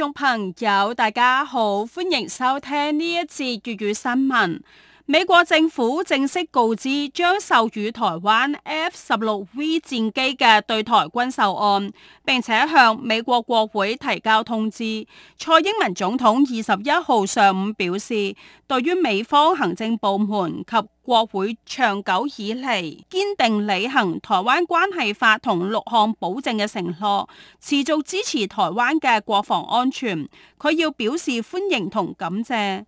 觀眾朋友，大家好，歡迎收聽呢一次粵語新聞。美國政府正式告知將售予台灣 F 十六 V 戰機嘅對台軍售案，並且向美國國會提交通知。蔡英文總統二十一號上午表示，對於美方行政部門及國會長久以嚟堅定履行《台灣關係法》同六項保證嘅承諾，持續支持台灣嘅國防安全，佢要表示歡迎同感謝。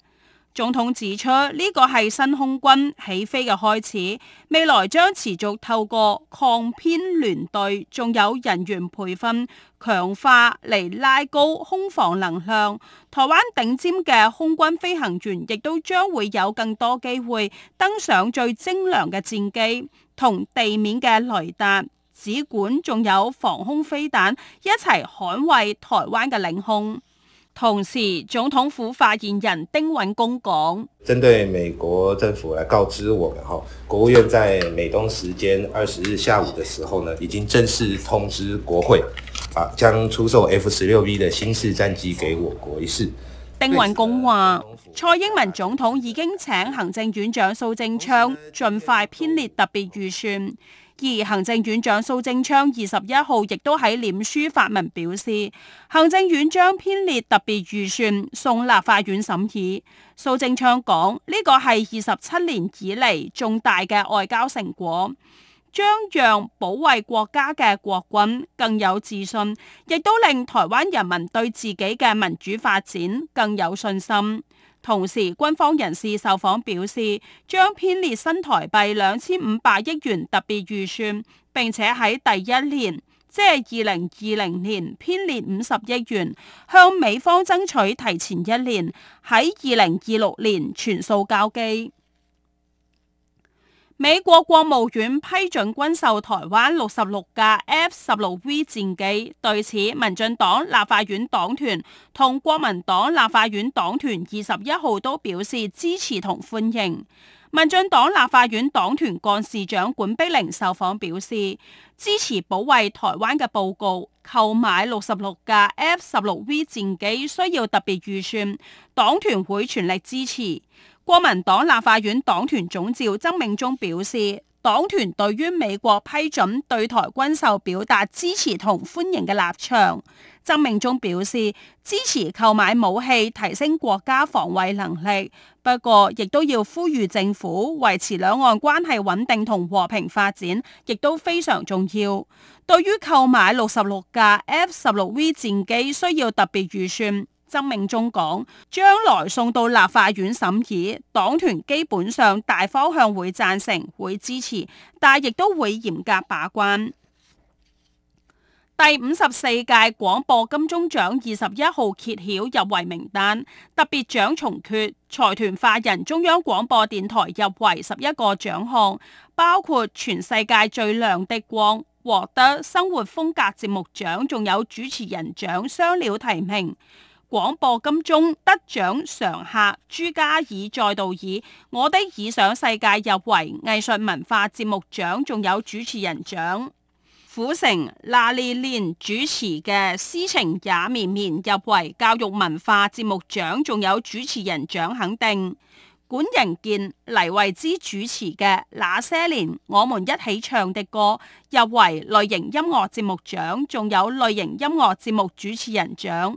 總統指出呢個係新空軍起飛嘅開始，未來將持續透過抗編聯隊，仲有人員培訓強化嚟，拉高空防能量。台灣頂尖嘅空軍飛行員亦都將會有更多機會登上最精良嘅戰機，同地面嘅雷達、指管仲有防空飛彈一齊捍衛台灣嘅領空。同時，總統府發言人丁允公講，針對美國政府來告知我們，哈，國務院在美東時間二十日下午的時候呢，已經正式通知國會，啊，將出售 F 十六 V 的新式戰機給我國一事。丁允公話，蔡英文總統已經請行政院長蘇貞昌盡快編列特別預算。而行政院長蘇貞昌二十一號亦都喺臉書發文表示，行政院將編列特別預算送立法院審議。蘇貞昌講呢、這個係二十七年以嚟，重大嘅外交成果，將讓保衛國家嘅國軍更有自信，亦都令台灣人民對自己嘅民主發展更有信心。同時，軍方人士受訪表示，將編列新台幣兩千五百億元特別預算，並且喺第一年，即係二零二零年編列五十億元，向美方爭取提前一年，喺二零二六年全數交機。美國國務院批准軍售台灣六十六架 F 十六 V 戰機。對此，民進黨立法院黨團同國民黨立法院黨團二十一號都表示支持同歡迎。民進黨立法院黨團幹事長管碧玲受訪表示，支持保衛台灣嘅報告，購買六十六架 F 十六 V 戰機需要特別預算，黨團會全力支持。國民黨立法院黨團總召曾銘宗表示，黨團對於美國批准對台軍售表達支持同歡迎嘅立場。曾銘宗表示，支持購買武器提升國家防衛能力，不過亦都要呼籲政府維持兩岸關係穩定同和，和平發展，亦都非常重要。對於購買六十六架 F 十六 V 戰機需要特別預算。生命中講，將來送到立法院審議，黨團基本上大方向會讚成，會支持，但亦都會嚴格把關。第五十四屆廣播金鐘獎二十一號揭曉入圍名單，特別獎重缺財團法人中央廣播電台入圍十一個獎項，包括全世界最亮的光獲得生活風格節目獎，仲有主持人獎、雙料提名。廣播金鐘得獎常客朱家爾再度以《我的理想世界入圍》入圍藝術文化節目獎，仲有主持人獎。虎城那麗蓮主持嘅《詩情也綿綿入圍》入圍教育文化節目獎，仲有主持人獎肯定。管仁健黎慧芝、主持嘅《那些年我們一起唱的歌》入圍類型音樂節目獎，仲有類型音樂節目主持人獎。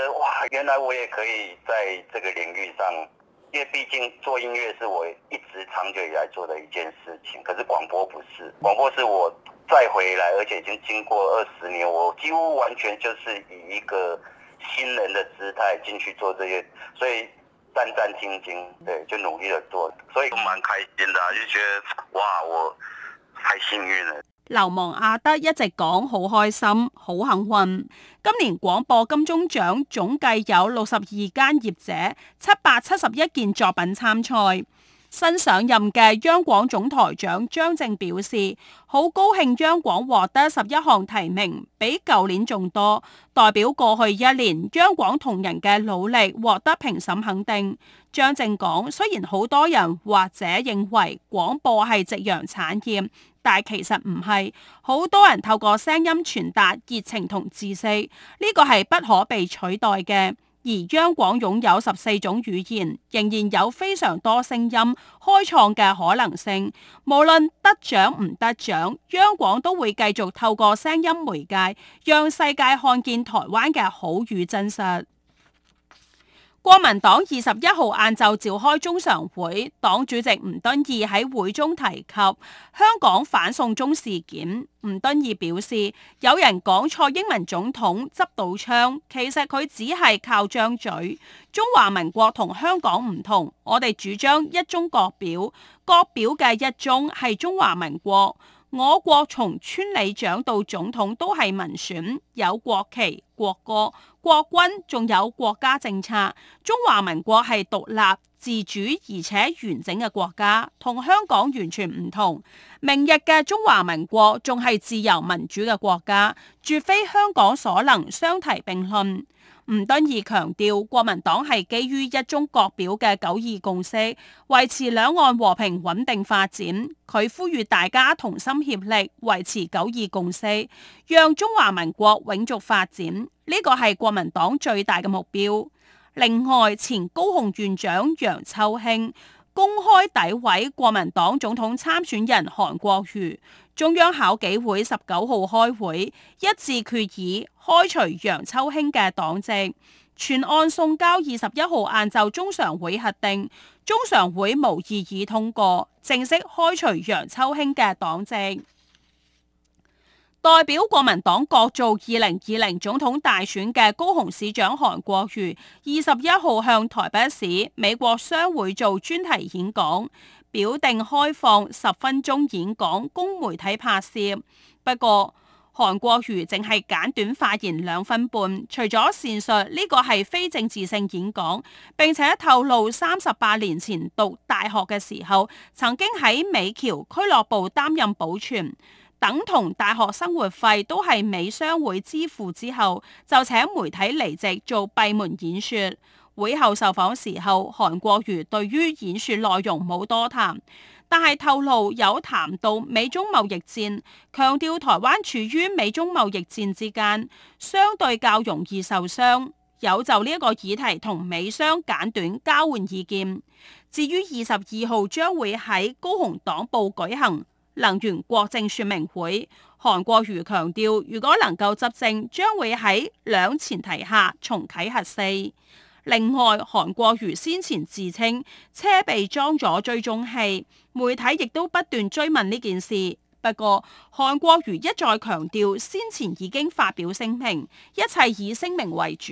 原來我也可以在這個領域上，因為畢竟做音樂是我一直長久以來做的一件事情，可是廣播不是，廣播是我再回來，而且已經經過二十年，我幾乎完全就是以一個新人的姿態進去做這些，所以戰戰兢兢，對，就努力的做，所以我蠻開心的啊，就覺得哇，我太幸運了。流氓阿德一直講好開心，好幸運。今年廣播金鐘獎總計有六十二間業者，七百七十一件作品參賽。新上任嘅央廣總台長張正表示，好高興央廣獲得十一項提名，比舊年仲多，代表過去一年央廣同人嘅努力獲得評審肯定。張正講，雖然好多人或者認為廣播係夕陽產業，但其實唔係，好多人透過聲音傳達熱情同志氣，呢個係不可被取代嘅。而央廣擁有十四種語言，仍然有非常多聲音開創嘅可能性。無論得獎唔得獎，央廣都會繼續透過聲音媒介，讓世界看見台灣嘅好與真實。國民黨二十一號晏晝召開中常會，黨主席吳敦義喺會中提及香港反送中事件。吳敦義表示，有人講錯英文總統執到槍，其實佢只係靠張嘴。中華民國同香港唔同，我哋主張一中各表，各表嘅一中係中華民國。我國從村里長到總統都係民選，有國旗國歌。國軍仲有國家政策，中華民國係獨立自主而且完整嘅國家，同香港完全唔同。明日嘅中華民國仲係自由民主嘅國家，絕非香港所能相提並論。吳敦義強調，國民黨係基於一中各表嘅九二共識，維持兩岸和平穩定發展。佢呼籲大家同心協力，維持九二共識，讓中華民國永續發展。呢個係國民黨最大嘅目標。另外，前高雄縣長楊秋興公開詆毀國民黨總統參選人韓國瑜。中央考紀會十九號開會一致決議開除楊秋興嘅黨籍，全案送交二十一號晏晝中常會核定，中常會無異議通過，正式開除楊秋興嘅黨籍。代表國民黨角逐二零二零總統大選嘅高雄市長韓國瑜，二十一號向台北市美國商會做專題演講，表定開放十分鐘演講供媒體拍攝。不過韓國瑜淨係簡短發言兩分半，除咗善述呢、這個係非政治性演講，並且透露三十八年前讀大學嘅時候，曾經喺美僑俱樂部擔任保全。等同大學生活費都係美商會支付之後，就請媒體離席做閉門演說。會後受訪時候，韓國瑜對於演說內容冇多談，但係透露有談到美中貿易戰，強調台灣處於美中貿易戰之間，相對較容易受傷。有就呢一個議題同美商簡短交換意見。至於二十二號將會喺高雄黨部舉行能源國政說明會，韓國瑜強調，如果能夠執政，將會喺兩前提下重啟核四。另外，韓國瑜先前自稱車被裝咗追蹤器，媒體亦都不斷追問呢件事。不過，韓國瑜一再強調，先前已經發表聲明，一切以聲明為主。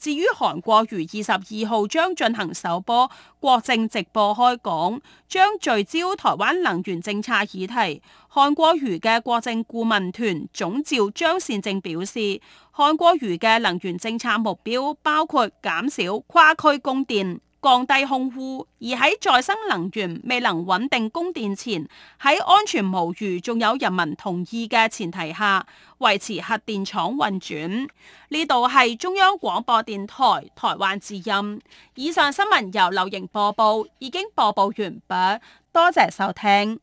至於韓國瑜二十二號將進行首波國政直播開講，將聚焦台灣能源政策議題。韓國瑜嘅國政顧問團總召張善政表示，韓國瑜嘅能源政策目標包括減少跨區供電。降低控戶，而喺再生能源未能穩定供電前，喺安全無虞、仲有人民同意嘅前提下，維持核電廠運轉。呢度係中央廣播電台台灣之音。以上新聞由流瑩播報，已經播報完畢，多謝收聽。